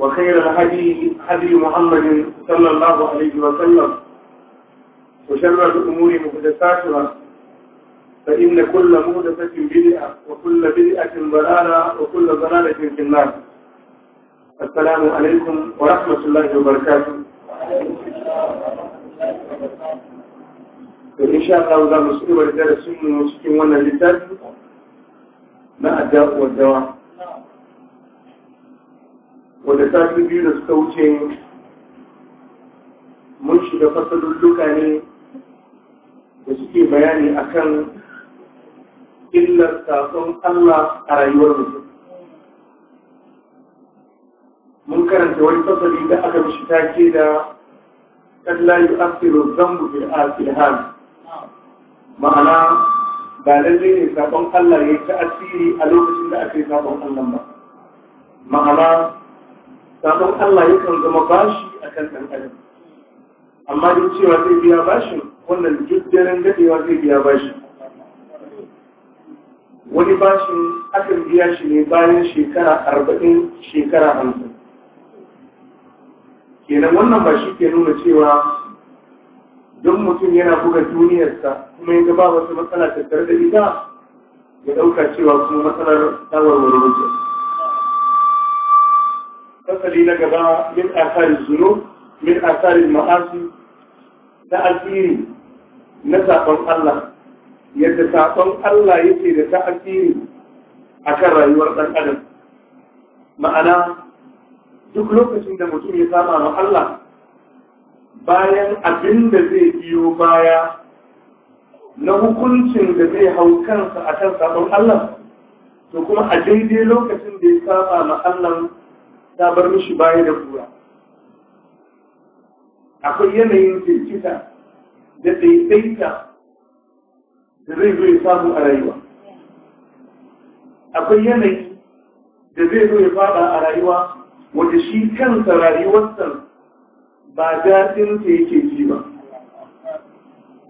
وخير الهدي هدي محمد صلى الله عليه وسلم وشر الأمور محدثاتها فإن كل محدثة بدعة وكل بدعة ضلالة وكل ضلالة في النار السلام عليكم ورحمة الله وبركاته إن شاء الله ذا مسؤول ولذلك سنة المسكين وانا لتاج ما أداء والدواء wanda sati biyu da suka wuce mun shiga fasalulluka ne da suke bayani akan illar sakon Allah a rayuwar mutum. Mun karanta wani fasali da aka mishi take da kalla yi asiru zambu fil ma'ana ba lallai ne sakon Allah ya ta asiri a lokacin da aka yi sakon Allah ba ma'ana sabon Allah yakan zama bashi a kan ɗan amma duk cewa zai biya bashin wannan duk daren daɗewa zai biya bashi. wani bashin akan biya shi ne bayan shekara arba'in shekara hamsin kenan wannan ba shi ke nuna cewa don mutum yana buga duniyarsa kuma yanzu ba wasu matsala tattare da ita ya ɗauka cewa kuma matsalar wani wuce fasali na gaba min asarin zunub min asarin ma'asi ta asiri na saƙon Allah yadda saƙon Allah yake da ta asiri a kan rayuwar ɗan adam ma'ana duk lokacin da mutum ya saba wa Allah bayan abin da zai biyo baya na hukuncin da zai hau kansa a kan saƙon Allah to kuma a daidai lokacin da ya saba ma Allah ta bar mishi baya da kura akwai yanayin firkita da daidaita da zai zo ya samu a rayuwa akwai yanayi da zai zo ya fada a rayuwa wanda shi kansa rayuwarsa ba daɗin ta yake ji ba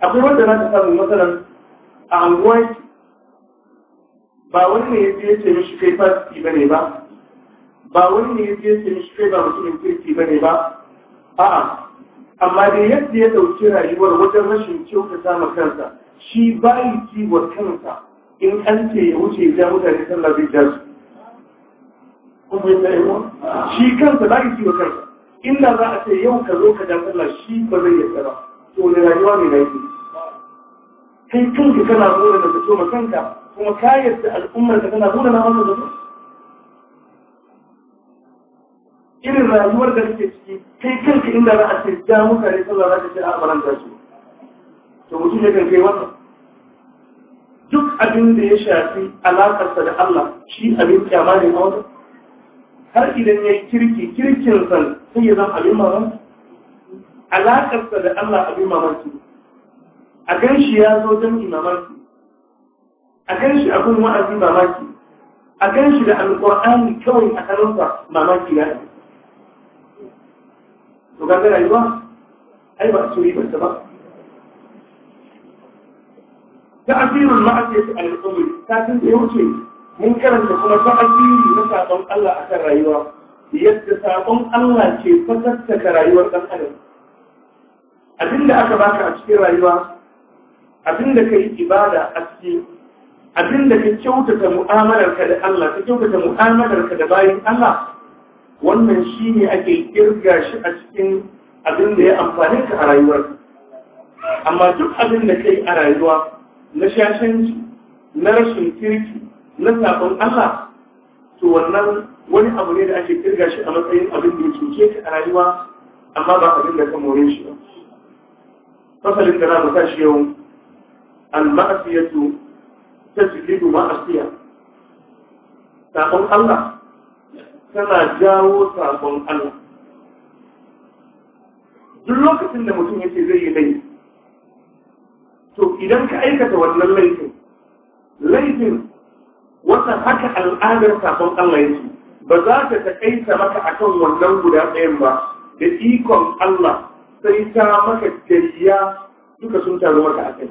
akwai wanda za ta samu matsalan a anguwa ba wani ne ya ce mishi kai fasiki ba ne ba ba wani ne ya yake shi kai ba mutum kirki bane ba a'a amma dai yadda ya dauki rayuwar wajen rashin kyautata ma kansa shi ba yi wa kansa in an ce ya wuce ja mutane sallah zai ja su shi kansa ba yi wa kansa inda za a ce yau ka zo ka ja sallah shi ba zai yarda ba to ne rayuwa ne na yi kai kanka kana zo da ka ma kanka kuma ka yarda al'ummar ka kana da na wannan da irin rayuwar da suke ciki kai kanka inda za a ce ja mutane sun za ta shi a da su to mutum yakan kan kai wannan duk abin da ya shafi alakarsa da Allah shi abin kyama ne a wata har idan ya yi kirki kirkin san sai ya zama abin mamaki alakarsa da Allah abin mamaki a gan shi ya zo don mamaki a gan shi abin wa'azi mamaki a gan shi da alƙur'ani kawai a kanunsa mamaki ya yi to ga rayuwa ai ba su ribar ta ba ta asirin ma'asiyatu al-umri ta tun da mun karanta kuma ta asiri na sabon Allah akan kan rayuwa yadda sabon Allah ke fatattaka rayuwar ɗan adam abinda aka baka a cikin rayuwa abinda ka yi ibada a ciki abinda ka kyautata mu'amalarka da Allah ka kyautata mu'amalarka da bayan Allah wannan shi ne ake kirga shi a cikin abin da ya amfani ka a rayuwar amma duk abin da kai a rayuwa na shashanci na rashin kirki na sabon Allah to wannan wani abu ne da ake kirga shi a matsayin abin da ya cuce ka a rayuwa amma ba abin da ka more shi ba fasalin da na mu shi yau al-ma'asiyatu tajlidu ma'asiya sabon Allah tana jawo sabon Allah duk lokacin da mutum yake zai yi laifi to idan ka aikata wannan laifin laifin wata haka al'adar sabon Allah yake ba za ta takaita maka a kan wannan guda ɗayan ba da ikon Allah sai ta maka gayya duka sun taru maka a kai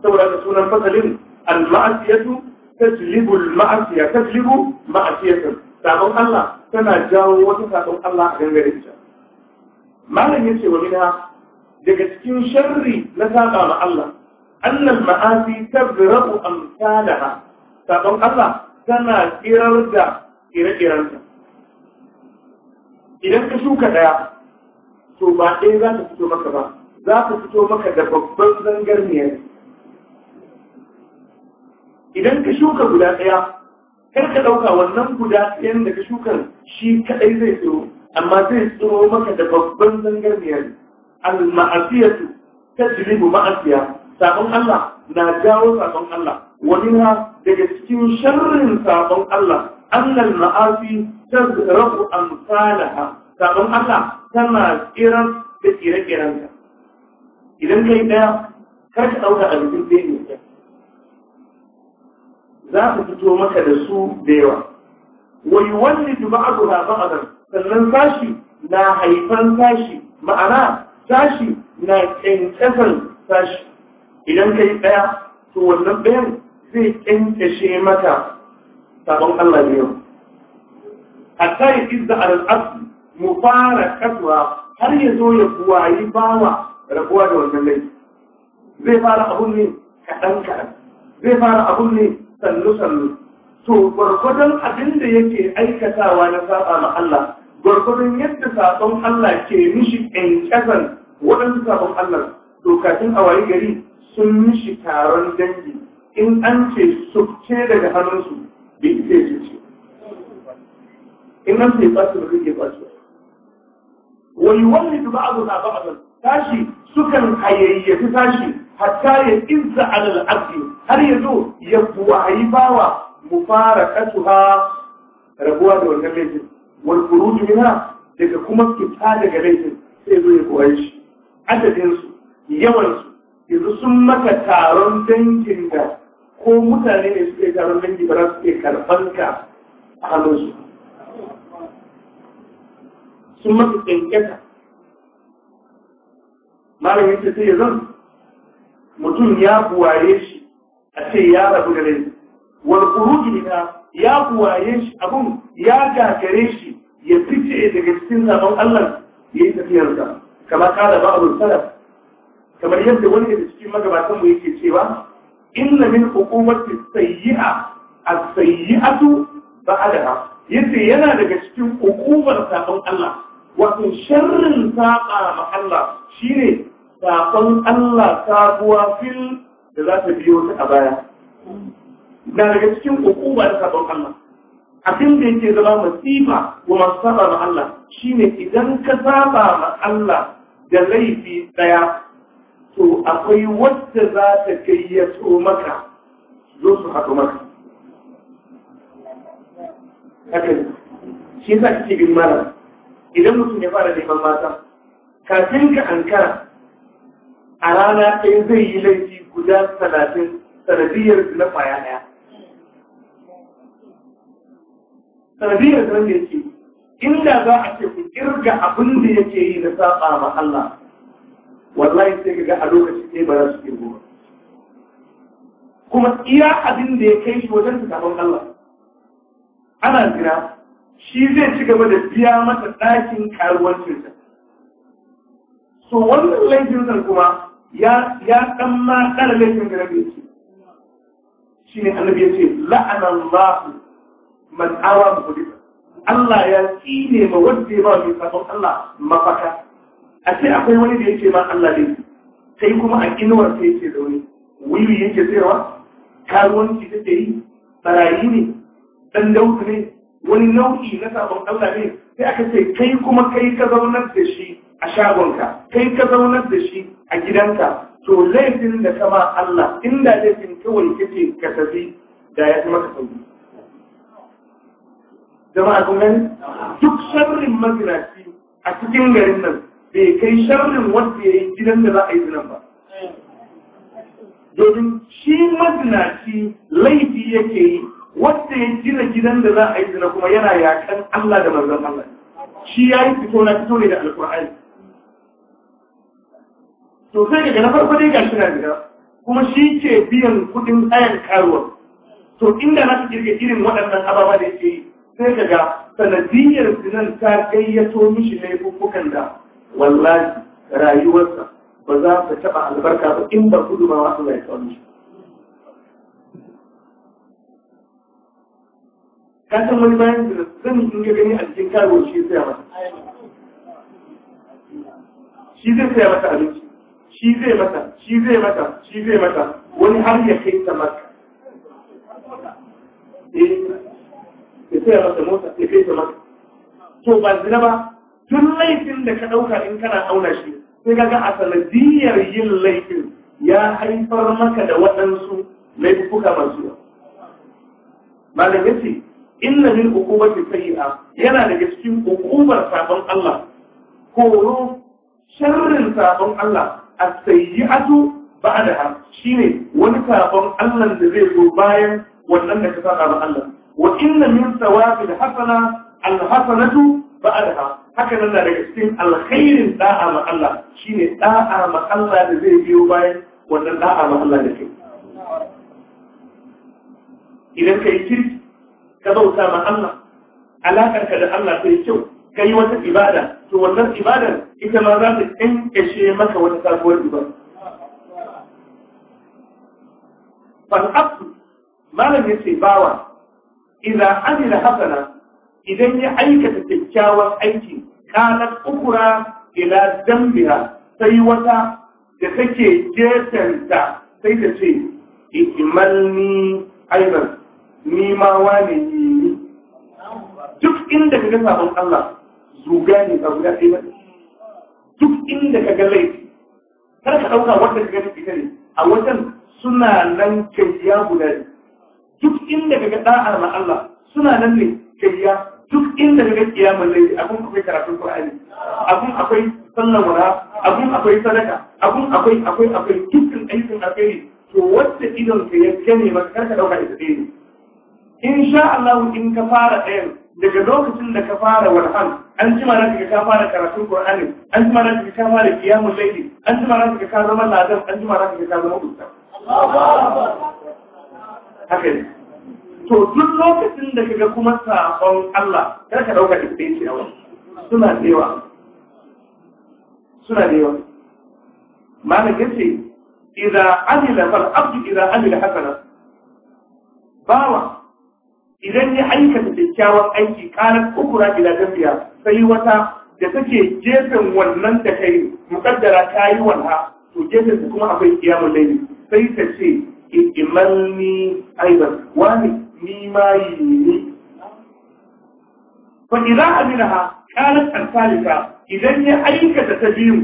saboda sunan fasalin al-ma'asiyatu taslibul ma'asiya taslibu ma'asiyatan sabon Allah tana jawo wata sabon Allah a gangare ta malam yace wa minha daga cikin sharri na saba ma Allah annal ma'asi tabra'u amsalaha sabon Allah tana da idan ka shuka daya to ba ɗaya za ta fito maka ba za ta fito maka da babban zangarniyar idan ka shuka guda ɗaya kar ka ɗauka wannan guda ɗayan da ka shukar shi kaɗai zai tsoro. amma zai tsoro maka da babban zangarniyar al-ma'asiyatu tajribu ma'asiya sabon Allah na jawo sabon Allah wani na daga cikin sharrin sabon Allah annal ma'asi tazrafu amsalaha sabon Allah tana tsiran da tsire-tsirenta idan kai ɗaya kar ka ɗauka a jikin ɗaya za su fito maka da su da yawa Wai wani wa yuwallidu a ba'dan sannan sashi na haifan sashi ma'ana sashi na kankasan sashi idan ka yi ɗaya, to wannan ɗayan zai kankashe maka sabon Allah ne yau hatta ya izza mu fara mufarakatuha har ya zo ya buwayi bawa rabuwa da wannan laifi zai fara abun ne kaɗan kaɗan zai fara abun ne sallu-sallu to gwargwadon abin da yake aikatawa na saba ma Allah gwargwadon yadda sabon Allah ke mishi ƙyanƙyazan waɗansu sabon Allah to kafin a wayi gari sun mishi taron dangi in an ce sukce daga hannunsu bai ce ce in an ce ba su da zai ba su wani wani duba abu na ba a tashi sukan hayayyafi tashi hatta ya insa alal ardi har yanzu ya buwayi bawa ha rabuwa da wannan laifin wal furuj minha daga kuma fita daga laifin sai zo ya buwayi shi adadin su yawan su yanzu sun maka taron dangin da ko mutane ne suke taron dangi ba za su iya karɓan ka a hannunsu sun maka kyankyata malamin ce sai ya zan mutum ya buwaye shi a ce ya rabu da rai wal kuruji ya buwaye shi abun ya gagare shi ya fice daga cikin zaben Allah ya yi tafiyarsa kamar kala ba'ul salaf kamar yadda wani daga cikin magabatan mu yake cewa inna min hukumati sayyi'a as-sayyi'atu ba'daha yace yana daga cikin hukumar sabon Allah wato sharrin saba ma Allah shine saƙon Allah sabuwa fil da za ta biyo ta a baya. Na daga cikin hukuma da saƙon Allah. Abin da yake zama masifa wa masu saba ma Allah shi ne idan ka saba ma Allah da laifi ɗaya to akwai wadda za ta gayyato maka zo su haɗu maka. Haka shi za ki bin mara idan mutum ya fara neman mata, kafin ka ankara a rana ɗaya zai yi laifi guda talatin sanadiyar na kwaya ɗaya. Sanadiyar zan da yake, inda za a ce ku kirga abin da yake yi na saba ma Allah, wallahi sai ga a lokaci ɗaya ba za su goma. Kuma iya abin da ya kai shi wajen su tukaban Allah. Ana jira, shi zai ci gaba da biya mata ɗakin cinta. So wannan laifinsa kuma ya ya dan ma laifin da rabe shi shine annabi yace la'ana Allah man awa mukhlifa Allah ya tsine ma wanda ba mai sabon Allah mafaka a ce akwai wani da yake ma Allah ne sai kuma a inuwar sai yake da wani wuri yake tsayawa karuwanci take yi barayi ne dan dautu ne wani nau'i na sabon Allah ne sai aka ce kai kuma kai ka zaunar da shi a shagonka kai ka zaunar da shi a gidanka to laifin da kama Allah inda laifin kawai kake ka tafi da ya maka sauki jama'a kun duk sharrin mazinaci a cikin garin nan bai kai sharrin wanda ya yi gidan da za a yi zinan ba domin shi mazinaci laifi yake yi wanda ya gina gidan da za a yi kuma yana yakan Allah da manzon Allah shi ya yi fito na fito ne da alkur'ani to sai daga na farko dai gashi na gida kuma shi ke biyan kuɗin tsayan karuwa to inda na kirga irin waɗannan ababa da yake yi sai ka ga sanadiyar sinan ta gayyato mishi laifukan da wallahi rayuwarsa ba za ta taɓa albarka ba in ba gudu ma wasu ya kawo mishi ka san wani bayan da zan yi ga gani a cikin karuwa shi ya saya shi zai saya masa abinci shi zai mata shi zai mata shi zai mata wani har ya kai ta maka eh ya kai ta maka to ba zina ba tun laifin da ka ɗauka in kana auna shi sai ga a sanadiyar yin laifin ya haifar maka da waɗansu laifuka masu yawa malam yace inna min uqubati a, yana daga cikin uqubar sabon Allah koro sharrin sabon Allah as-sayyi'atu shi ne wani sabon Allah da zai zo bayan wannan da ka saba ma Allah wa inna min thawabil hasana al-hasanatu ba'daha haka nan daga cikin alkhairin da'a ma Allah Shi ne da'a ma Allah da zai biyo bayan wannan da'a ma Allah da ke idan kai kirki ka bauta ma Allah alakar ka da Allah sai kyau ka yi wata ibada to wannan ibadar ita ma za ta ƙanƙashe maka wata sabuwar ibada fal'abdu malam ya ce bawa idan amila hasana idan ya aikata kyakkyawan aiki kanar ukura ila dambiha sai wata da take jetanta sai ta ce ikimalni aiban ni ma wane duk inda ka ga sabon Allah zuga ne ba guda ɗaya ba duk inda ka ga laifi kar ka ɗauka wanda ka gani ita ne a wajen suna nan kayya guda ne duk inda ka ga ɗa'ar na Allah suna nan ne kayya duk inda ka ga kiyamar laifi abun akwai karatun Qur'ani abun akwai sallar wara abun akwai sadaka abun akwai akwai akwai dukkan aikin alheri to wacce idon ka ya gane ba kar ka ɗauka ita ɗaya ne in sha Allah in ka fara ɗayan daga lokacin da ka fara walhan an mana daga ka fara karatun qur'ani an mana daga ka fara qiyamul layli an mana daga ka zama ladan an mana daga ka zama ustaz haka ne to duk lokacin da kaga kuma sabon Allah kar ka dauka da shi yawa suna da yawa suna dewa yawa malam yace idan amila fal abdu idan amila hasana bawa idan ya aikata kyakkyawan aiki karar kubura ila tafiya sai wata da take gefen wannan da kai mukaddara ta yi wannan to gefen su kuma akwai kiyamun laili sai ta ce imanni aiban wani ni ma yi ne fa idan aminaha karar alfalika idan ya aikata ta biyu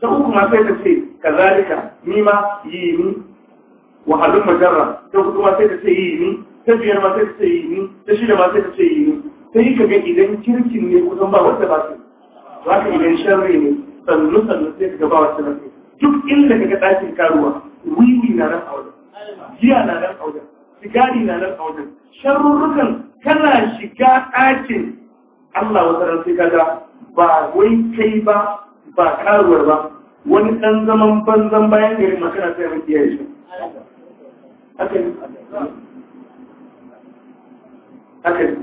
ta uku ma sai ta ce kazalika ni ma yi ni wa halin majarra ta uku ma sai ta ce yi ni ta biyar ta ce yi ni ta shi da sai ta ce yi ni sai ka ga idan kirkin ne kusan ba wanda ba su za ka idan sharri ne sannu sannu sai ka gaba wasu nan duk inda ka ga ɗakin karuwa wiwi na nan a wajen jiya na nan a wajen sigari na nan a wajen sharurrukan kana shiga ɗakin Allah wata ran sai kaga ba wai kai ba ba karuwar ba wani ɗan zaman banzan bayan gari makana sai mun kiyaye shi. haka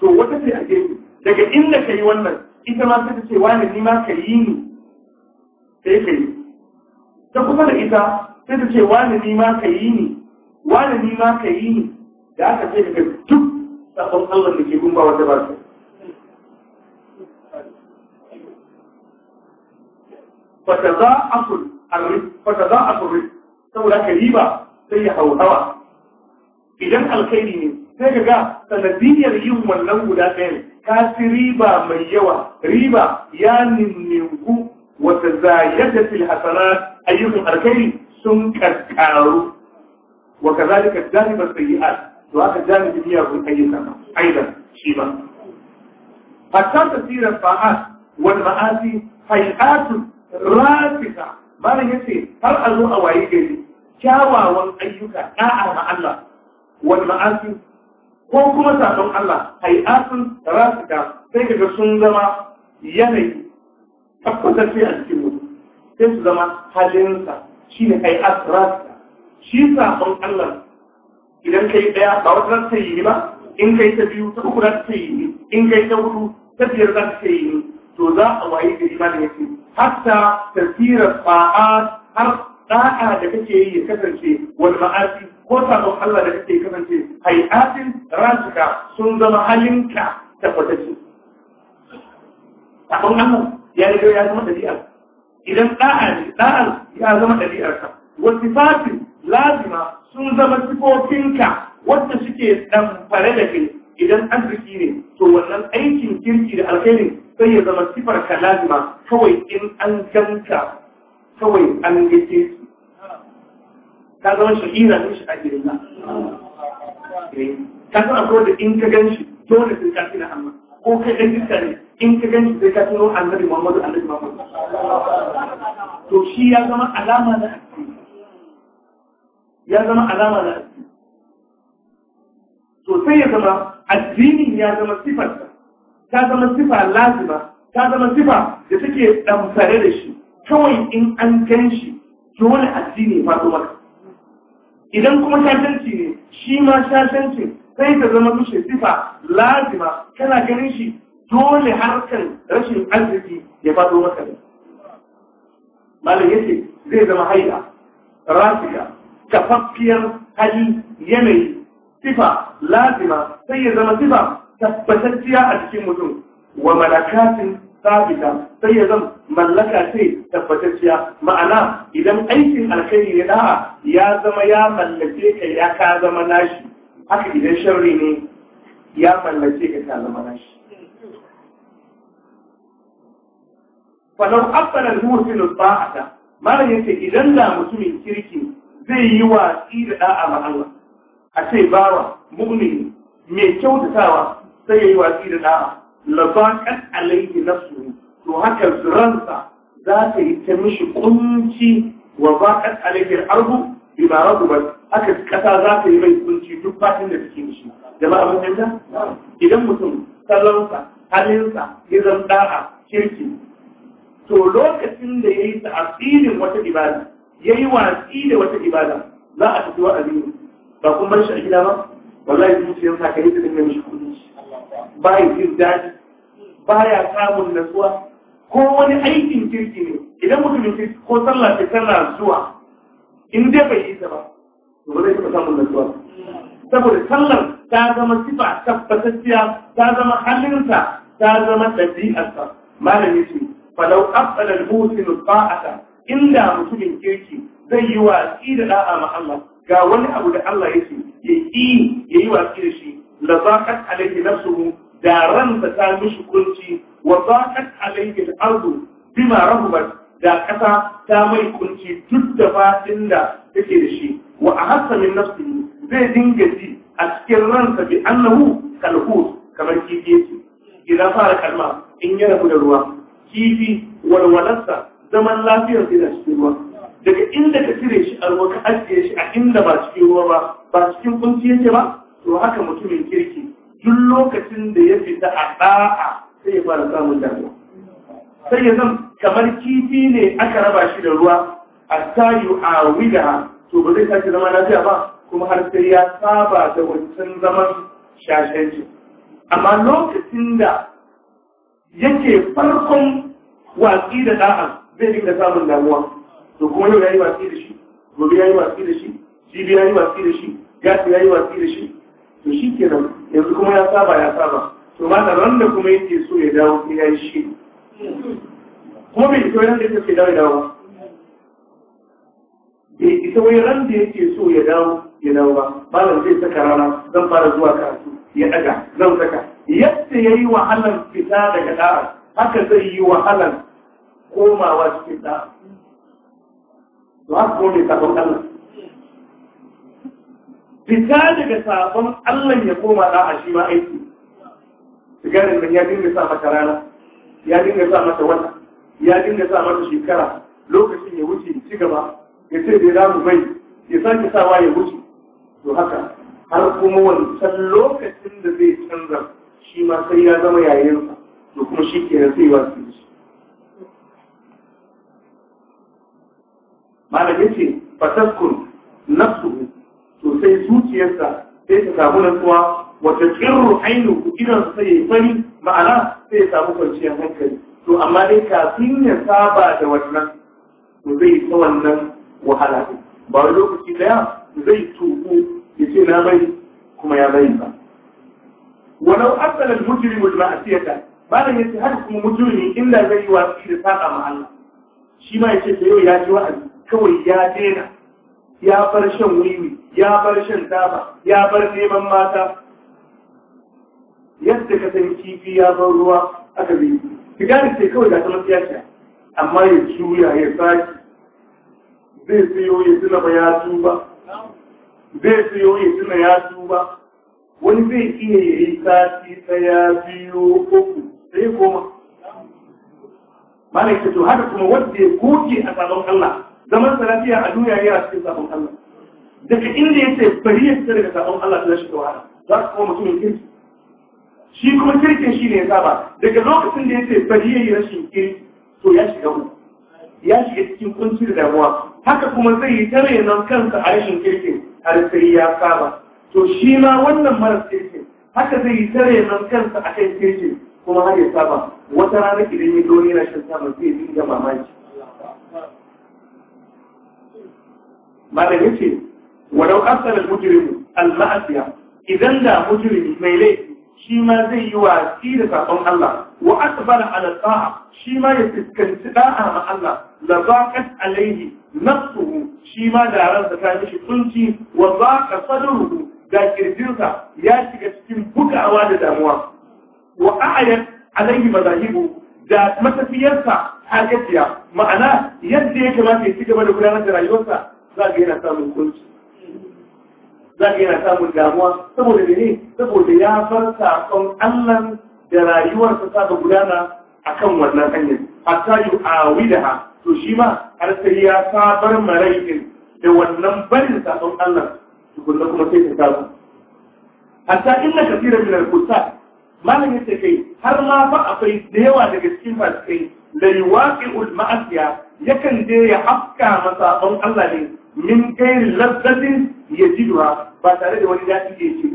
to wata ce a gefe daga inda ka yi wannan ita ma ta ce wani ni ma ka yi ni sai ka yi ta kusa da ita sai ta ce wani ni ma ka yi ni wani ni ma ka yi ni da aka ce daga duk sabon Allah da ke gumba wata ba su fata za a kuri saboda ka riba sai ya hau hawa idan alkhairi ne sai ka ga sanadiyar yin wannan guda ɗaya ka riba mai yawa riba ya ninninku wata zayyada fil hasanat ayyukan alkhairi sun karkaru wa kazalika janibat sayyi'at to haka janibin kun ayyuka aidan shi ba hatta tasirar fa'at wal ma'asi hay'atun rafika malam yace har a zo a waye gari kyawawan ayyuka da'a ma Allah Wani ma'asi ko kuma sabon Allah hay'atun rasika sai kaga sun zama yanayi Tabbatar sai a cikin mutum sai su zama halinsa shi ne hay'at rasika shi sabon Allah idan ka yi ɗaya ba wata za yi ba in kai ta biyu ta uku za ta yi in kai ta hudu ta biyar za ta yi to za a wayi da imanin yake hatta tasirar ba'a har da'a da kake yi ya kasance wani ma'asi ko sabon Allah da kake kasance hay'atin rasuka sun zama halinka tabbatacce sabon Allah ya riga ya zama ɗabi'ar. idan ɗa'a ne ya zama dabi'ar Wasu fati lazima sun zama sifofinka wanda suke fare da kai idan arziki ne to wannan aikin kirki da alkhairi sai ya zama sifarka lazima kawai in an gamta kawai an gaje ka zama shahira ne shi a gidan ka eh, ka san akwai da in ka gan shi dole sai ka na hannu. ko kai ɗan iska ne in ka gan shi sai ka tuno annabi muhammadu annabi muhammadu to shi ya zama alama na addini ya zama alama na addini to sai ya zama addini ya zama sifarsa ta zama sifa lazima ta zama sifa da take damfare da shi kawai in an gan shi dole addini ya faɗo maka idan kuma shashanci ne shi ma shashanci sai ta zama mishi sifa lazima kana ganin shi dole harkar rashin arziki ya fado maka ne malam yace zai zama haida rafiya, kafaffiyar hali yanayi sifa lazima sai ya zama sifa tabbatacciya a cikin mutum wa malakatin sabita sai ya zama mallaka ce tabbatacciya ma'ana idan aikin alkhairi ne da'a ya zama ya mallake ka ya ka zama nashi haka idan sharri ne ya mallake ka ka zama nashi falau abbalar mutum ba'ata malam yace idan da mutumin kirki zai yi watsi da da'a ma Allah a ce bawa mu'min mai kyautatawa sai ya yi watsi da da'a labaqat alayhi nafsu to haka ransa za ta yi ta mishi kunci wa baƙar alaikar arhu ibara gubar haka ƙasa za ta yi mai kunci duk fatin da take mishi ba abin da idan mutum salonsa halinsa ya hizan ɗara kirki to lokacin da ya yi ta'asirin wata ibada ya yi watsi da wata ibada za a tafi wa'azi ba kun bar shi a gida ba wallahi zuciyarsa ya yi ta dinga mishi kunci ba ya jin daɗi ba ya samun natsuwa ko wani aikin kirki ne idan mutumin kirki ko sallah ta tana zuwa in dai bai yi ta ba to ba zai taɓa samun nasuwa saboda sallar ta zama sifa tabbatacciya ta zama halinsa ta zama ɗabi'arsa malami su falau afsala al-musinu inda mutumin kirki zai yi watsi da da'a ma Allah ga wani abu da Allah ya yi ya yi watsi da shi la zaqat alayhi nafsuhu da ta mishi kunci wa zaqat alayhi al-ardu da kasa ta mai kunci duk da fatin da take da shi wa ahassa min nafsihi zai dinga ji a cikin ransa bi annahu kalhut kamar kifi yake idan fara kalma in ya rabu da ruwa kifi walwalarsa zaman lafiyar sai da cikin ruwa daga inda ka cire shi a ruwa ka ajiye shi a inda ba cikin ruwa ba ba cikin kunci yake ba to haka mutumin kirki duk lokacin da ya fita a ɗa'a. sai ya fara samun damuwa sai ya zan kamar kifi ne aka raba shi da ruwa a tayu a wida to ba zai sake zama lafiya ba kuma har sai ya saba da wancan zaman shashenci amma lokacin da yake farkon watsi da da'a zai dinga samun damuwa to kuma yau ya yi watsi da shi gobe ya yi watsi da shi jibi ya yi watsi da shi gasi yi watsi da shi to shi kenan yanzu kuma ya saba ya saba to ba da randa kuma yake so ya dawo ya yi shi kuma bai ita wani da yake dawo ya dawo bai ita wani ran da yake so ya dawo ya dawo ba malam zai saka rana zan fara zuwa kasu, ya daga zan saka yadda ya yi wahalar fita daga da'a haka zai yi wahalar komawa cikin da'a to haka kuma bai sabon Allah fita daga sabon Allah ya koma da'a shi ma aiki sigarin nan ya dinga sa mata rana ya dinga sa mata wata ya dinga sa mata shekara lokacin ya wuce ci gaba ya ce bai ramu bai ya sake sawa ya wuce to haka har kuma wancan lokacin da zai canza shi ma sai ya zama yayinsa to kuma shi ke sai wasu shi malam yace fataskun nafsuhu to sai zuciyarsa sai ta samu nutsuwa wata tsirru ainu idan sai ya fari ma'ana sai ya samu kwanciyar hankali to amma dai kafin ya saba da wannan to zai ta wannan wahala ne ba wani lokaci daya zai tuku ya ce na bari kuma ya bari ba walau asala al-mujrimu al-ma'siyata malam yace haka kuma mujrimi inda zai yi wasu da saka ma Allah shi ma yace ta yau ya ji wa'azi kawai ya daina ya bar shan wiwi ya bar shan taba ya bar neman mata yadda ka san kifi ya zo ruwa aka bi sigari ce kawai ga ta siyasa. amma ya juya ya saki zai siyo ya tuna ba ya tuba zai siyo ya tuna ya tuba wani zai iya ya yi sati ya biyu uku sai koma malaka to haka kuma wanda ya goge a sabon Allah zaman sarafiya a duniya ya cikin sabon Allah daga inda ya ce bari ya fita daga sabon Allah ta shi wahala za su kuma mutumin kirki shi kuma kirkin shi ne ya saba daga lokacin da ya ce bari ya yi rashin kiri to ya shiga mu ya shiga cikin kunci da damuwa haka kuma zai yi ta renon kansa a rashin kirkin har sai ya saba to shi ma wannan maras kirkin haka zai yi ta renon kansa a kan kirkin kuma har ya saba wata rana idan ya zo yana shan samun zai dinga mamaki malam ya ce Wadau asalin al al-ma'asiya idan da mujrimi mai laifi shi ma zai yi watsi da sakon Allah wa asbara ala ta'a shi ma ya fuskanci da'a ma Allah la zaqat alayhi nafsuhu shi ma da ransa ta mishi kunci wa zaqa sadruhu da kirjinsa ya shiga cikin bugawa da damuwa wa alayhi mazahibu da matafiyarsa ta gajiya ma'ana yadda ya kamata ya ci gaba da gudanar da rayuwarsa za ga yana samun kunci za yana samun damuwa saboda mene saboda ya bar sakon Allah da rayuwarsa ta gudana akan wannan hanyar hatta yu awidaha to shi ma har sai ya sabar maraikin da wannan barin sakon Allah tukunna kuma sai ta samu hatta inna kafiran min al kusa, malam yace kai har ma fa akwai da yawa daga cikin fasikai la yuwaqi'ul ma'asiya yakan je ya afka masabon Allah ne min kai lazzatin ya ji zuwa ba tare da wani daɗi da ya ce su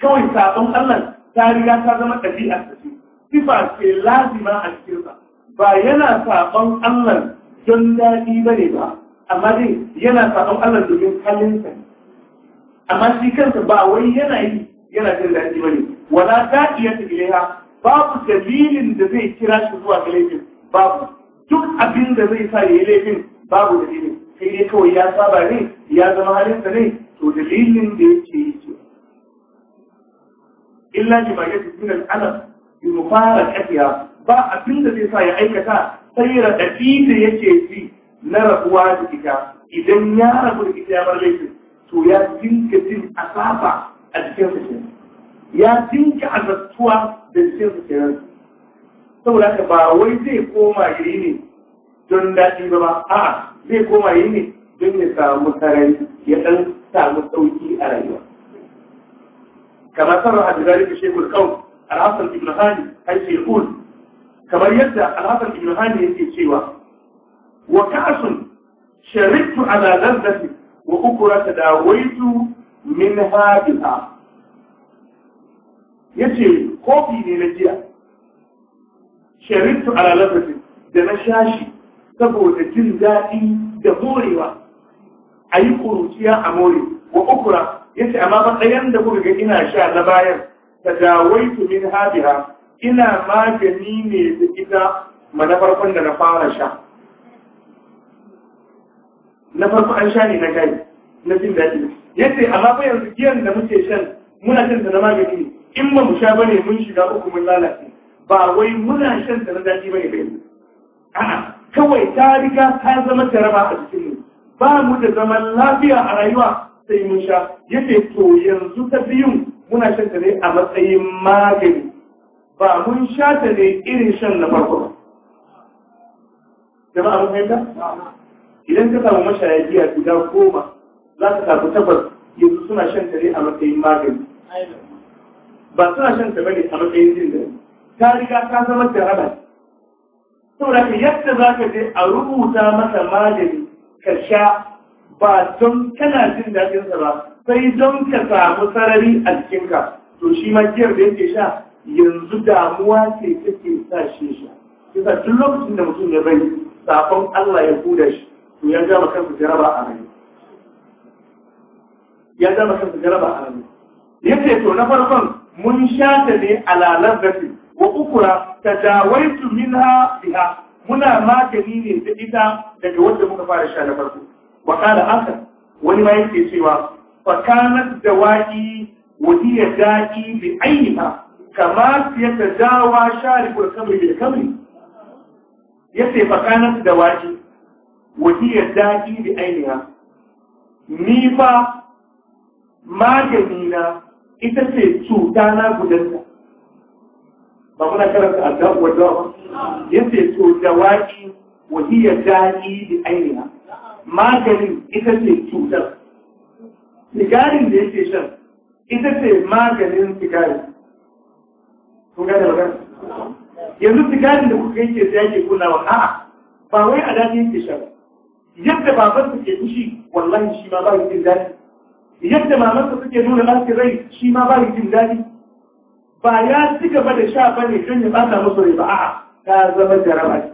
kawai sabon Allah ta riga ta zama ɗabi'a ta ce sifa ce lazima a cikinsa ba yana sabon Allah don daɗi ba ne ba amma dai yana sabon Allah domin halinsa amma shi kansa ba wai yana yi yana jin daɗi ba ne wala ta iya babu dalilin da zai kira shi zuwa ga laifin babu duk abin da zai sa ya yi laifin babu dalilin sai dai kawai ya saba ne ya zama halinsa ne to dalilin da yake yi ce illa ji ba yadda sunan alam bi kafiya ba abin da zai sa ya aikata sai raɗaɗi da yake fi na rabuwa da ita idan ya rabu da ita ya bar laifin to ya dinka jin asaba a jikinsa kenan ya dinka azabtuwa da jikinsa kenan saboda ba wai zai koma yayi ne don daɗi ba ba a'a zai koma yi ne don ya samu sarari ya ɗan samu sauki a rayuwa kamar sarrafa da zalika shekul kawai alhassan ibn hani haifi yaqul kamar yadda alhassan ibn hani yake cewa wa ka'sun sharibtu ala lazzati wa ukura tadawaitu min Ya yace kofi ne na jiya Sharittu ala lazzati da na shashi saboda jin daɗi da morewa a yi ƙuruciya a more wa ukura ya ce amma matsayin da kuka ga ina sha na bayan ta dawaitu min habiha ina magani ne da ita ma na farkon da na fara sha na farko an sha ne na gai na jin daɗi ya ce amma ba yanzu giyan da muke shan muna shan ta na magani in ba mu sha ne mun shiga uku mun lalace ba wai muna shan ta na daɗi ba ne ba yanzu a'a kawai ta riga ta zama jaraba a cikin ba mu da zaman lafiya a rayuwa sai mun sha yace to yanzu ta biyun muna shan ta ne a matsayin magani ba mun sha ta ne irin shan na farko ba jama'a mun fahimta idan ka samu mashaya giya guda goma za ka samu tabbas yanzu suna shan ta ne a matsayin magani ba suna shan ta bane a matsayin jin daɗi ta riga ta zama jaraba saboda ka yadda za ka je a rubuta masa magani ka sha ba don kana jin daɗinsa ba sai don ka samu sarari a cikinka, to shi ma giyar da yake sha yanzu damuwa ce take sa shi sha kisa duk lokacin da mutum ya bai safon Allah ya kuda shi to ya gama kansa jaraba a rai ya gama kansa jaraba a rai yace to na farkon mun sha ta ne a lalazafi wa ukura min minha biha muna magani ne ta ita daga wanda muka fara sha na farko wa qala akhar wani ma yake cewa fa kanat dawaki wa hiya da'i bi ayniha kama yatadawa sharibu al-khamri bil khamri yace fa kanat dawaki wa hiya da'i bi ainiha!" ni fa magani na ita ce cuta na gudanta ba muna karanta addabu wadda ba maganin ita ce cutar sigarin da shan ita ce yanzu sigarin da kuka yake sai yake a'a ba wai a daɗi yake shan yadda babansa ke fushi wallahi shi ma ba jin daɗi yadda mamansa suke nuna laskin rai shi ma ba yi jin daɗi ba ya ci gaba da sha bane don ya bata masa rai ba a'a ta zama jaraba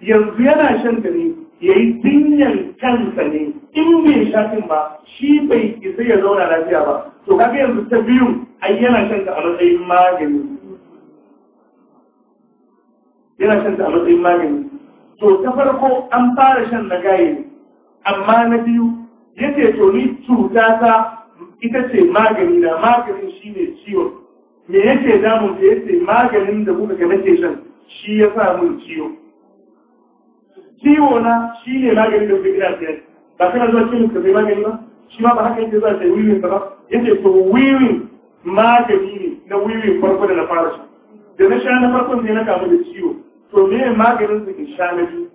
yanzu yana shan ta ne yi dinyan kansa ne in bai shafin ba shi bai isa ya zauna lafiya ba to kaga yanzu ta biyu ai yana shan ta a matsayin magani yana shan ta a matsayin magani to ta farko an fara shan na gaye amma na biyu yace to ni cuta ta ita ce magani na maganin shine ciwon me yake damun da yace maganin da kuka ga nake shan shi ya sa mun ciwo ciwo na shi ne maganin da kuka gina siyar ba kana zuwa cikin ka maganin magani ba shi ma ba haka yake za ta yi wiwin ba yake to wiwin magani ne na wiwin farko da na fara shi da na sha na farkon ne na kamu da ciwo to me maganin da in sha na biyu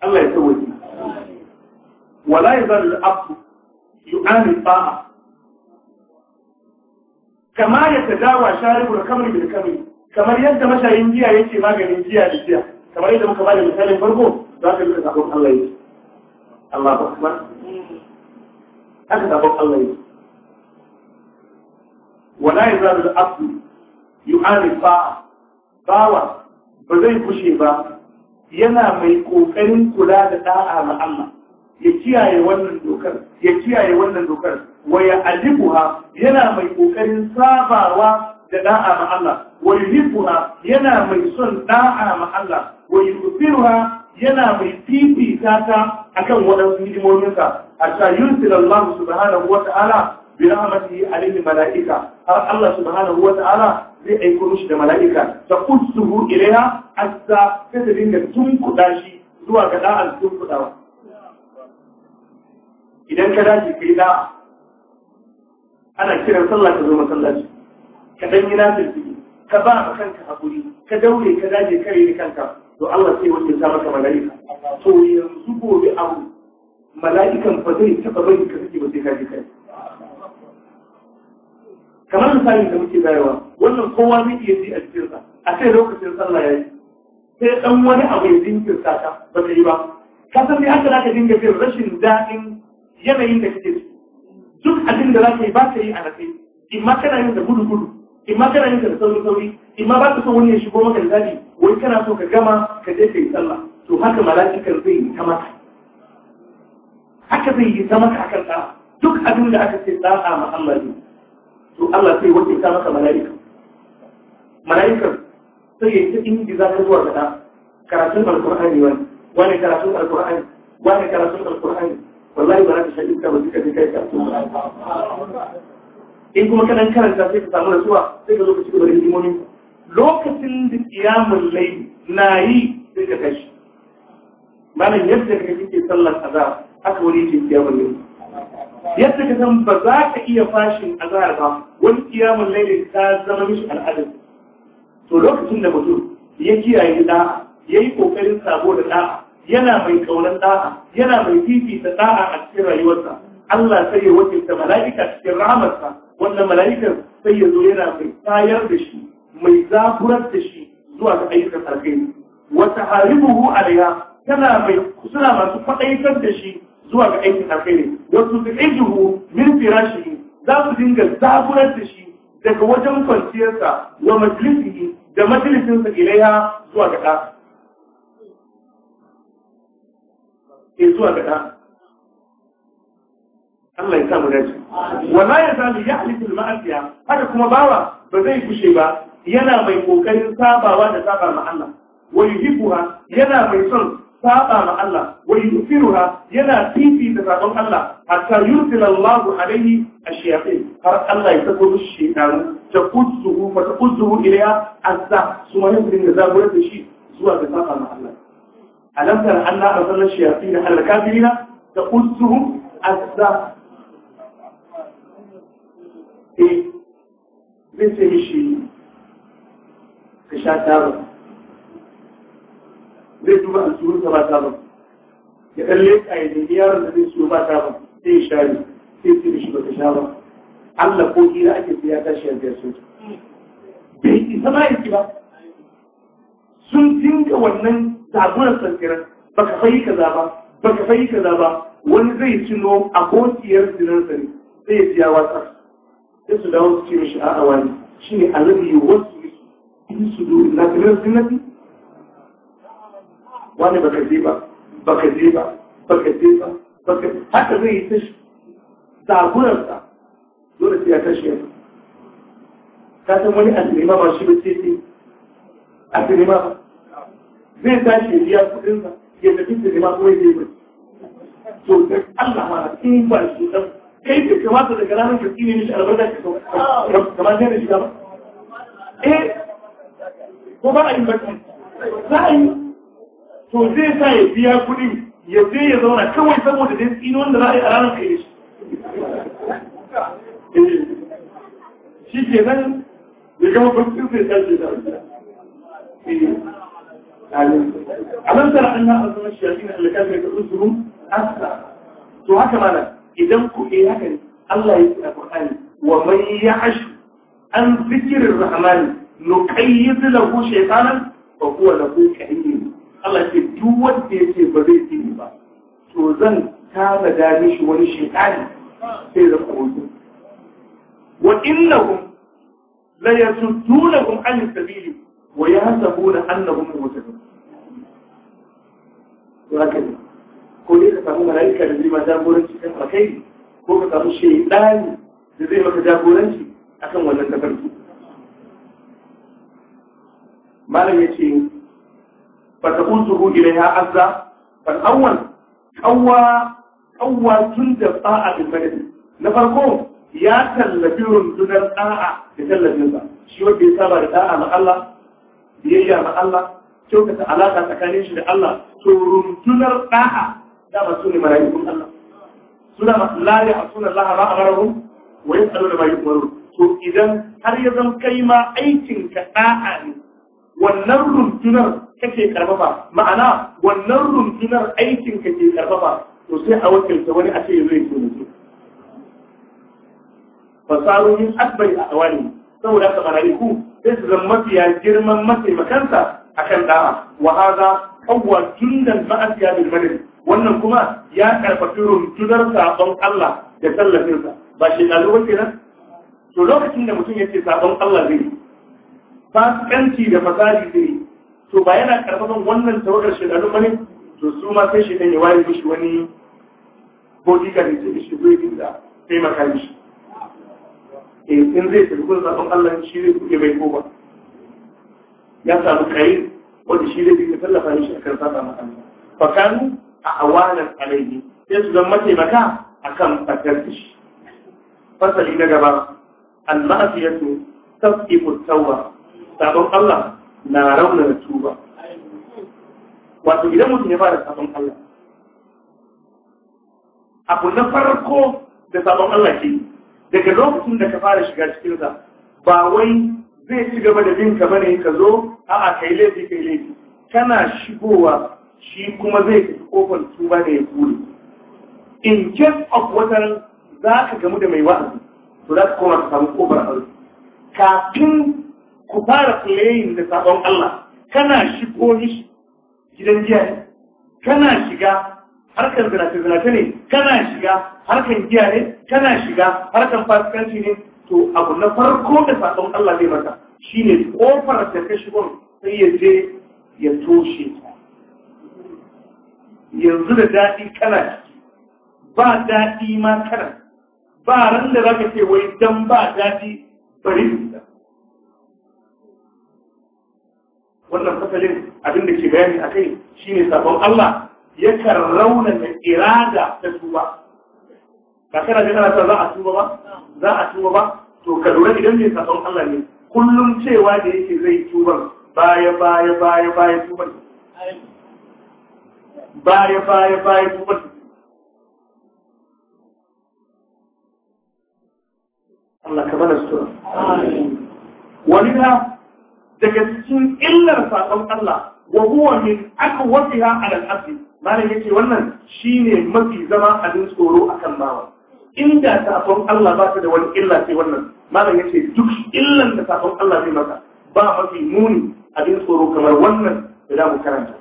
Allah ya ni. wala yazal abdu yu'ani ta'a kama ya tadawa sharibul kamri bil kamri kamar yadda mashayin jiya yake maganin jiya da jiya, kamar yadda muka bada misalin farko za ka rika sabon Allah yake Allahu akbar haka sabon Allah yake wala yazalu al-abdu yu'ani ta'a bawa ba zai kushe ba yana mai kokarin kula da da'a ma Allah ya kiyaye wannan dokar ya kiyaye wannan dokar wa ya alibuha yana mai kokarin sabawa da da'a ma Allah wa yuhibbuha yana mai son da'a ma Allah wa yusiruha yana mai fifita ta akan waɗansu hidimominsa hatta yursila Allah subhanahu wa ta'ala bi rahmatihi malaika har Allah subhanahu wa ta'ala zai aiko mishi da malaika ta usuhu ilaiha hatta ta dinga tunkuda shi zuwa ga da'al tunkudawa idan ka dace ka yi da ana kiran sallah ka zo masallaci ka dan yi nafil ka ba kanka hakuri ka daure ka dace kare kanka to Allah sai wanda ta maka malaika to yanzu gobe abu mala'ikan fa zai taɓa bari ka kake ba sai ka ji kai kamar misalin da muke bayarwa wannan kowa zai iya ji a jikinsa a kai lokacin sallah ya yi. sai dan wani abu ya jinkirta sata ba ta yi ba ka san me haka zaka dinga jin rashin daɗin yanayin da kake duk abin da za ka yi ba ka yi a rafe in ma kana yin da gudu gudu in ma kana yin da sauri sauri in ma ba ka so wani ya shigo maka da zabi wai kana so ka gama ka je ka yi sallah to haka mala'ikar zai yi ta maka haka zai yi ta maka akan ta duk abin da aka ce a muhammadu to Allah sai wace ta maka mala'ika mala'ikar sai ya ta inji za ka zuwa gada, karatun alkur'ani wani wani karatun alkur'ani wani karatun alkur'ani wallahi ba za ka shan iska ba duka ne kai karatu in kuma kana karanta sai ka samu nasuwa sai ka zo ka ci gaba da hidimomin lokacin da kiyamun lai na yi sai ka tashi malam yadda ka kike sallar azhar haka wani ce kiyamun lai yadda ka san ba za ka iya fashin azhar ba wani kiyamun lai ta zama mishi al'adar to lokacin da mutum ya kiyaye da'a ya yi kokarin sabo da da'a yana mai kaunar da'a yana mai fifita da'a a cikin rayuwarsa Allah sai ya ta mala'ika cikin rahamarsa wannan mala'ikar sai ya zo yana mai tayar da shi mai zaburar da shi zuwa ga ayyukan alkhairi wa taharibuhu alaiha tana mai suna masu faɗaitar da shi zuwa ga aikin alkhairi wa tuzihu min firashihi za su dinga zaburar da shi daga wajen kwanciyarsa wa majalisihi da majalisinsa ilaiha zuwa ga ke zuwa ga ɗa Allah ya sa mu dace wala ya zalu ya alifil ma'asiya haka kuma bawa ba zai kushe ba yana mai ƙoƙarin sabawa da saba ma Allah wai yuhibbuha yana mai son saba ma Allah wai yufiruha yana fifi da sabon Allah hatta yursila Allah alaihi ashiyatin har Allah ya sako musu shekaru ta kuzuhu fa ta kuzuhu ya azza su ma yin da zaburar da shi zuwa ga saba ma Allah ألم تر أن أرسل الشياطين على الكافرين تقصهم أسا إيه ليس شيء كشاتار ليس ما أسوه سباتار يقول لك أي ديار الذي سوبا إيه شاري ليس شيء كشاتار Allah ko kira ake sai ya tashi ya biyar su bai isa ma yake ba sun sabuwar sankiran baka fayi kaza ba baka fayi kaza ba wani zai tuno abokiyar sinansa ne sai ya ji ya watsa sai su dawo su ce mishi a'a wani shine alabi wasu in su duri na tunan sinansa wani ba ka je ba ba ka je ba ba ka je ba ba baka haka zai yi tashi sabuwarsa dole sai ya tashi ya ka san wani a sinima ba shi ba sai sai a sinima ba zai tashi ya biya sa. ya tafi sinima kuma ya yi to da Allah ma in ba shi dan kai ke kamata daga ranar ka tsine mishi albarka ka so kamar ne shi ba eh ko ba a yi baki za a yi to zai sa ya biya kuɗi ya je ya zauna kawai saboda dai tsino wanda za a yi a ranar ka yi shi eh, shi ke nan da gama kwanci sai tashi da alam tara anna azman shayatin alladhi yad'uhum asla to haka mana idan ku eh haka ne Allah ya ce a Qur'ani wa man ya'ash an zikrir rahmani nuqayyid lahu shaytanan fa huwa lahu kahin Allah ce duk wanda ce ba zai tsini ba to zan kama da mishi wani shaytani sai da koyo wa innahum la yasuddunahum an sabili wa yahsabuna annahum muhtadun za ko dai ka samu mala'ika da zai ma jagoranci kan alkhairi ko ka samu shaidani da zai maka jagoranci akan wannan tafarki malam ya ce fa ta kuntuhu ilaiha azza fa awwal qawwa qawwa tun da ba'a bil madad na farko ya tallafi rundunar da'a da tallafinsa shi wanda ya saba da da'a na Allah biyayya na Allah kyautata alaka tsakanin shi da Allah to rundunar ɗa'a da ba su ne mala'ikun Allah suna la ya suna Allah ba amarahu wa da ma yumaru to idan har ya zan kai ma aikinka ɗa'a ne wannan rundunar kake karfafa ma'ana wannan rundunar aikinka ke karfafa to sai a wakilta wani a ce yazo ya ce fasaru min akbari a awani saboda haka malaiku sai su zama mafiya girman mataimakansa akan da'a wa hadha Kawwa tunan ma'asiya bil madad wannan kuma ya karfafi tunar sabon Allah da tallafinsa ba shi kalu ba nan? to lokacin da mutum yake sabon Allah zai fasikanci da fasadi zai to ba yana karfafan wannan tawagar shi kalu ne? to su ma sai shi dan ya waye mishi wani bodyguard ne shi zai da taimaka mishi eh, in zai tafi kun sabon Allah shi zai kuke bai ko ba ya samu kai wanda shi zai dinga tallafa shi a saba ma Allah fa kanu a awanan alaihi sai su zama taimaka akan fatar da shi fasali na gaba al ma'afiyatu tasqifu tawba sabon Allah na da tuba wato idan mutum ya fara sabon Allah abu na farko da sabon Allah ke daga lokacin da ka fara shiga cikin sa ba wai zai ci gaba da bin ka bane ka zo a'a kai laifi kai laifi kana shigowa shi kuma zai fi kofar tuba da ya kure in case of watan za ka gamu da mai wa'azi to za ka koma ka samu kofar aure. kafin ku fara playing da sabon Allah kana shigo mishi gidan giya ne kana shiga harkar zinace-zinace ne kana shiga harkar giya ne kana shiga harkar fasikanci ne to abu na farko da sabon Allah zai maka Shi ne kofar da ka sai ya je ya toshe ta yanzu da daɗi kana ciki ba daɗi ma kana ba ran da za ka ce wai dan ba daɗi bari da wannan fasalin abin da ke bayani a kai shi ne sabon Allah yakan da irada ta tuba ba kana ga za a tuba ba za a tuba ba to ka lura idan ne sabon Allah ne kullum cewa da yake zai tuban baya baya baya baya tuban baya baya baya tuban Allah ka bada sutura wani na daga cikin illar saƙon Allah wa huwa min aqwatiha ala al-asli malam yace wannan shine mafi zama abin tsoro akan bawa inda saƙon Allah ba ta da wani illa sai wannan malam ya ce duk illan da sakon Allah zai masa ba mafi muni abin tsoro kamar wannan da za mu karanta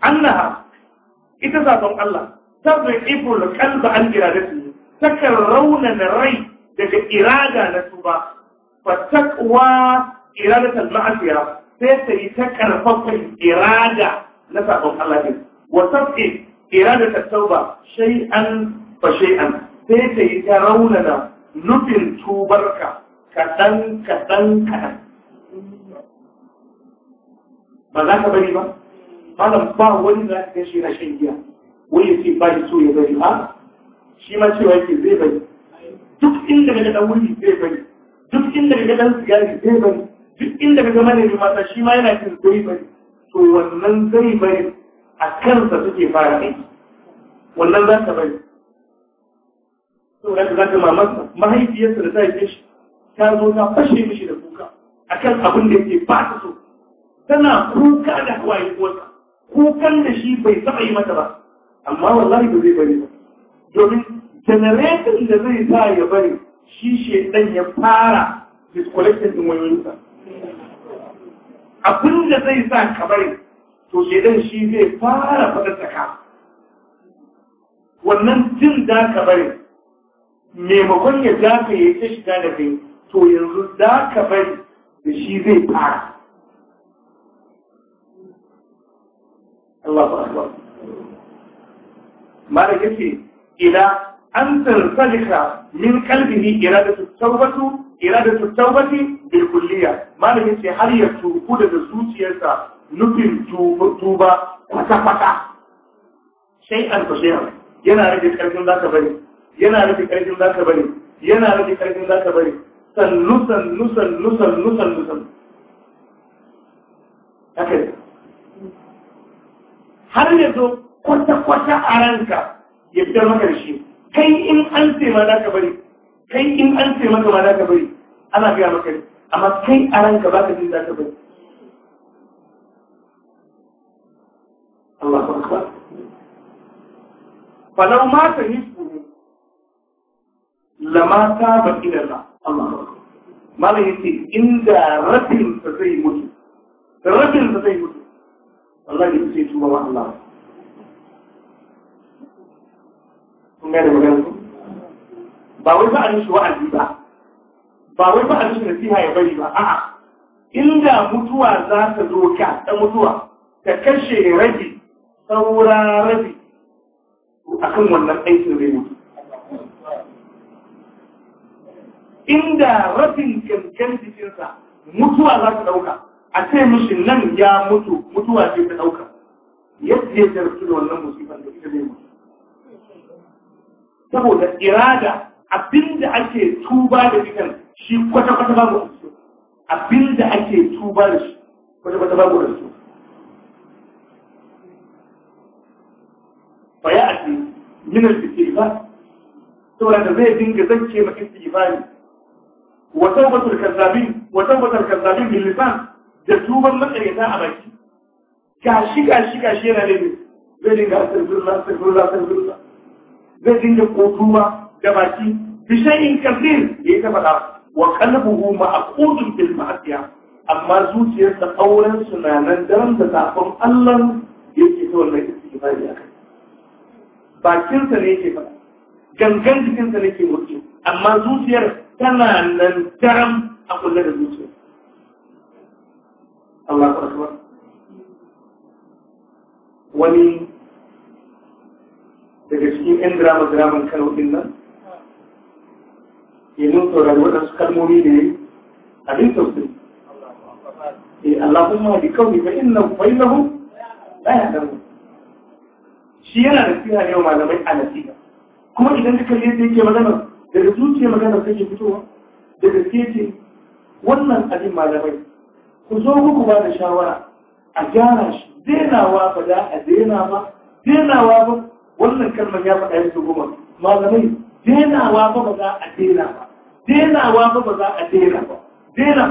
annaha ita sakon Allah ta zai ibu da kalba an iradatu takan raunana rai daga irada na tuba fa taqwa iradatul ma'asiya sai ta yi ta karfafin irada na sakon Allah ne wasafi tafi iradatul tauba Shai'an fa Shai'an, sai ta yi ta raunana nufin tubarka kaɗan kaɗan kaɗan ba za ka bari ba malam ba wani za ka kashe na shan giya wai ya ce ba ya so ya bari ba? shi ma cewa yake zai bari duk inda daga dan wuri zai bari duk inda daga dan sigari zai bari duk inda daga manajin mata shi ma yana cin zai bari to wannan zai bari a kansa suke fara aiki wannan za ka bari saboda za ka mahaifiyarsa da ta haife shi ta zo ta fashe mishi da kuka a kan abin da yake ba ta so tana kuka da hawaye uwarsa kukan da shi bai saba yi mata ba amma wallahi ba zai bari ba domin generator da zai sa ya bari shi dan ya fara disconnecting din wayoyinsa abin da zai sa ka bari to dan shi zai fara faɗa tsaka wannan jin da ka bari maimakon ya dafa ya ta shiga da kai to yanzu za ka bari da shi zai fara Allah ba a mara yace ila an tansalika min kalbihi iradatu da su taubati bil kulliya mara ce har ya tuku daga zuciyarsa nufin tuba kwata kwata sai an yana rage karfin za ka bari yana rufe ƙarfin za ka bari yana rufe ƙarfin za ka bari sannu sannu sannu sannu sannu sannu haka ne har ne zo kwata-kwata a ranka ya fitar maka da shi kai in an ce ma za ka bari kai in an ce maka ma za ka bari ana gaya maka ne amma kai a ranka ba ka ji za ka bari Allah ba falau ma ta nisbu lama ta ba ilalla Allah malam yace inda rabin sa zai mutu rabin sa zai mutu wallahi yace tuba wa Allah kun ga da magana ba wai ba a nishi wa'azi ba ba wai ba a nishi nasiha ya bari ba a'a inda mutuwa za ta zo ka ta mutuwa ka kashe rabi saura rabi akan wannan aikin zai mutu inda rafin cancan jikinsa mutuwa za ta ɗauka a ce mishi nan ya mutu mutuwa ce ta ɗauka yadda ya jarabci da wannan musifan da ita zai mutu saboda irada abinda ake tuba da jikin shi kwata-kwata babu a cikin abinda ake tuba da shi kwata-kwata babu a cikin fa ya ake minar da ke ba saboda zai dinga zance ma istighfari wa tawbatul kazzabin wa da tuban makarita a baki gashi gashi gashi yana ne zai dinga astaghfirullah astaghfirullah astaghfirullah zai dinga kotuwa da baki bi shay'in kathir yayi ta fada wa qalbuhu ma'qudun bil ma'asiya amma zuciyarsa auren daren da yake ta wannan bakinsa ne ke fada gangan jikinsa ne ke mutu amma zuciyar tana nan daram a kulle da zuciya Allah akbar wani daga cikin yan drama draman kan din nan ya nun saurari waɗansu kalmomi da yi abin tausayi eh Allahumma bi kauni fa na fa ba ya damu. shi yana da a yau malamai a nasiha kuma idan ka kalli yadda yake magana daga zuciya magana kake fitowa da gaske ce wannan abin malamai ku zo muku ba da shawara a gyara shi denawa ba da a dena ba denawa ba wannan kalmar ya faɗa yanzu goma malamai denawa ba ba za a dena ba denawa ba ba za a dena ba dena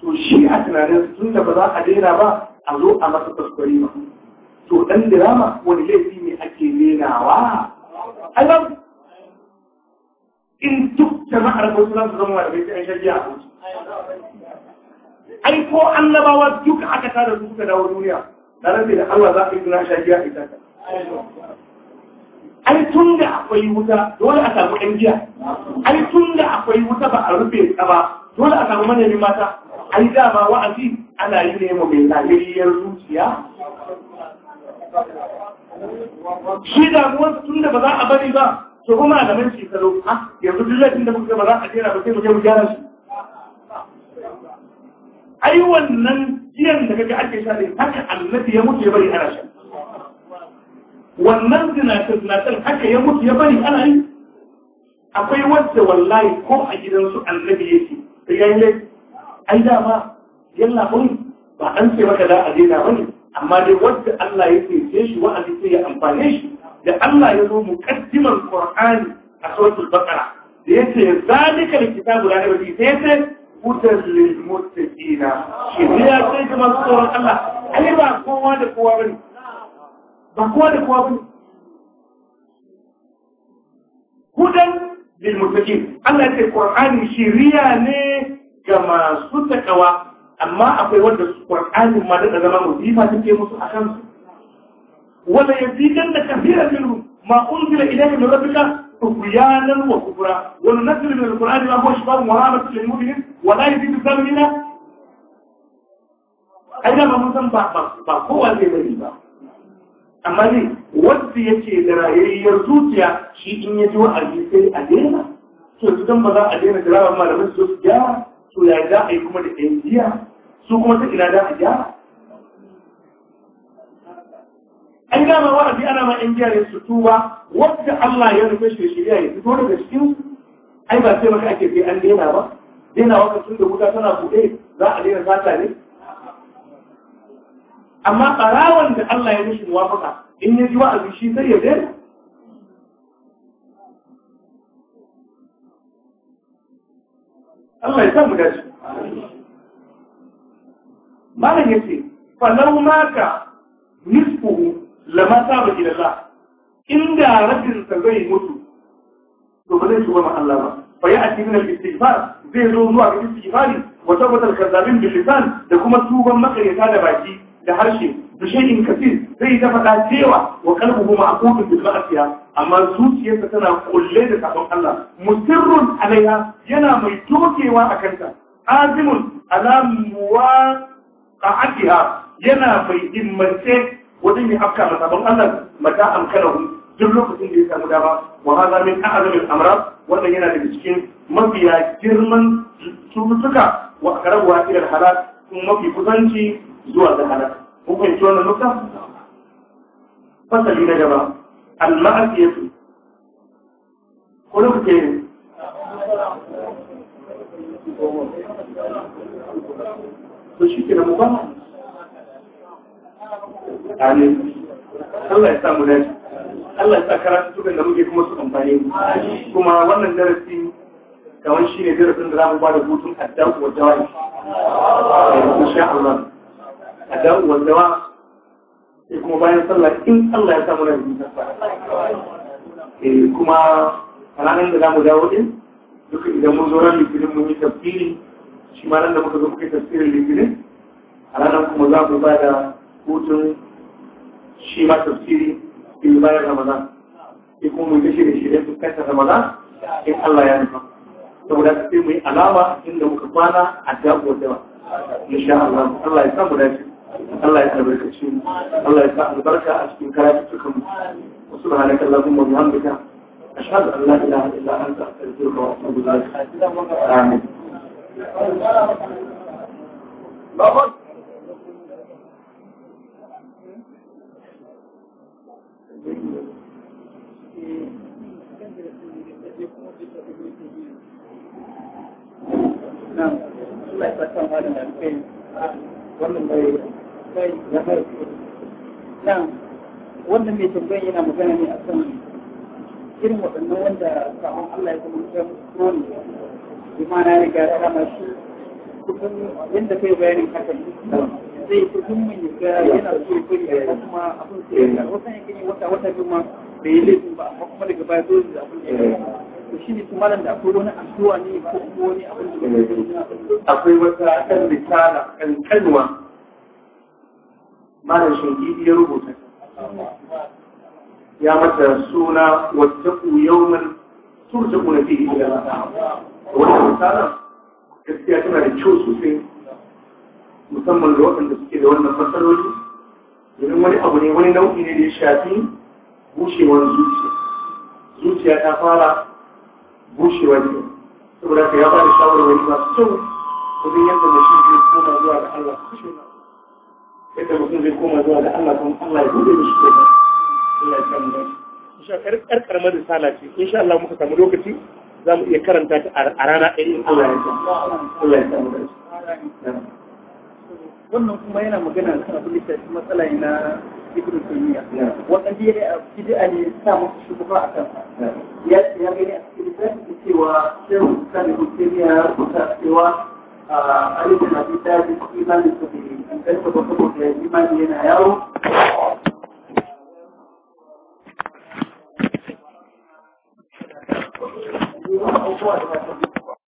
to shi a tunanin tun da ba za a dena ba a zo a masa kuskure ba to dan dirama wani laifi ne ake denawa Allah in duk jama'ar wasu za su zama malamai sai an shari'a a ai ko annabawa duka aka tada su suka dawo duniya da rabe da Allah za a yi suna shari'a ita ta ai tun da akwai wuta dole a samu ɗan giya ai tun da akwai wuta ba a rufe ta ba dole a samu manyan mata ai dama wa'azi ana yi ne mu mai lahiriyar zuciya shi damuwarsa tun da ba za a bari ba su kuma a gaban shi tsaro a ah, yanzu duk laifin da muka ba za a jera ba sai mu je mu gyara shi ai wannan jiyan da kaga ake sha ne haka annabi ya mutu ya bari ana sha wannan zinatan zinatan haka ya mutu ya bari ana yi akwai wanda wallahi ko a gidansu annabi yake da ya yi ai dama yalla mun ba an ce maka da a daina bane amma dai wanda Allah ya ce shi wa'azi sai ya amfane shi da Allah ya zo muqaddiman Qur'ani a suratul Baqara da yace zalika alkitabu la raiba fihi sai hudan lil muttaqina shi ne ya ce ga masu tsoron Allah ai ba kowa da kowa bane ba kowa da kowa bane hudan lil muttaqin Allah ya ce Qur'ani shiriya ne ga masu takawa amma akwai wanda Qur'ani ma da zama musifa take musu akan su وليزيدن كثيرا منهم ما أنزل إليك من ربك طغيانا وكفرا وننزل من القرآن ما هو شفاء ومهارة للمؤمنين ولا يزيد الظلم إلا أين ما مسلم بقوة زي ba. amma ne wanda yake da rayayyar zuciya shi in ya ji wa'azi sai a daina to idan ba za a daina jirawa malamin su gyara to ya za a kuma da ɗan jiya su kuma ta ina za a an gama wa'azi ana ma injiya jiya su tuba wadda Allah ya rufe shi shirya ya fito daga cikin ai ba sai maka ake sai an daina ba daina wa kasu da wuta tana buɗe za a daina sata ne amma ɓarawan da Allah ya mishi muwafaka in ya ji wa'azi shi sai ya daina Allah ya san mu dace malam yace lau maka nisfuhu lama saba ilallah inda rabin sa zai mutu to ba zai shiga ma Allah ba fa ya ati min al-istighfar zai zo zuwa ga istighfari wa tabbatar kazabin bil lisan da kuma tuban makareta da baki da harshe da shayin kasir zai dafa faɗa cewa wa qalbuhu ma'qudun bil ma'asiya amma zuciyarsa tana kulle da sabon Allah musirrun alaiha yana mai dokewa a kanta azimun ala muwaqa'atiha yana mai immace wajen yi afka na sabon Allah mata hu duk lokacin da ya samu dama wa hada min a'zamil amra wannan yana daga cikin mafiya girman cututtuka wa aqrabuha ila al-halak mafi kusanci zuwa ga ko kun fahimci wannan nukta fasali na gaba al-ma'asiyatu ko lokacin to shi ke da ba? amin Allah ya sa mu dace Allah ya sa karatu da muke kuma su amfane kuma wannan darasi kamar shi ne darasin da za mu bada hutun addu'a wa jawabi insha Allah addu'a wa jawabi sai kuma bayan sallah in Allah ya sa mu dace eh, kuma a ranar da za mu dawo din duka idan mun zo ran litinin mun yi tafsiri shi ma nan da muka zo kai tafsirin litinin a ranar kuma za mu ba da hutun shi ma tafsiri in bayan ramadan sai kuma mu yi shirye shirye su kanta ramadan in Allah ya nufa saboda sai mu yi alama inda muka kwana a jago da insha Allah Allah ya samu dace Allah ya albarkace mu Allah ya sa albarka a cikin karatu mu Wasu subhanaka allahumma bihamdika ashhadu an la ilaha illa anta astaghfiruka wa atubu ilaik amin Vamos. Nan, wannan mai tambayi yana magana ne a kan irin waɗannan wanda sabon Allah ya kuma kan kroni ya ma na riga ya rama shi kusan yadda kai bayanin hakan. zai fi zummin ga yana so ya bari amma kuma abin sai ya karu wasan yakan yi wata wata biyu ma bai yi laifin ba amma kuma daga baya dole da abin ya karu to shi ne kuma da akwai wani addu'a ne ko kuma wani abin da bai akwai wata kan misala kan kanwa malam shingidi ya rubuta ya mata suna wattaku yawman turja'una fihi ila Allah wannan misala gaskiya tana da kyau sosai musamman ga waɗanda suke da wannan matsaloli domin wani abu ne wani nau'i ne da ya shafi bushewar zuciya zuciya ta fara bushewa ne saboda ka ya ba da shawarwari masu kyau wajen yadda mutum zai koma zuwa ga Allah yadda mutum zai koma zuwa ga Allah kuma Allah ya bude mishi koma Allah ya samu dace insha Allah karkarmar risala ce insha Allah muka samu lokaci za mu iya karanta ta a rana ɗaya in Allah ya samu Allah ya samu dace wannan kuma yana magana kan abin da shafi matsala na ibn taymiya wannan bid'a bid'a ne sa musu shubha a kansa ya ya gani a cikin littafin cewa shehu kan ibn taymiya ya rubuta cewa ali bin abi talib imanin sa bai an karfa ba saboda imani yana yawo Thank you.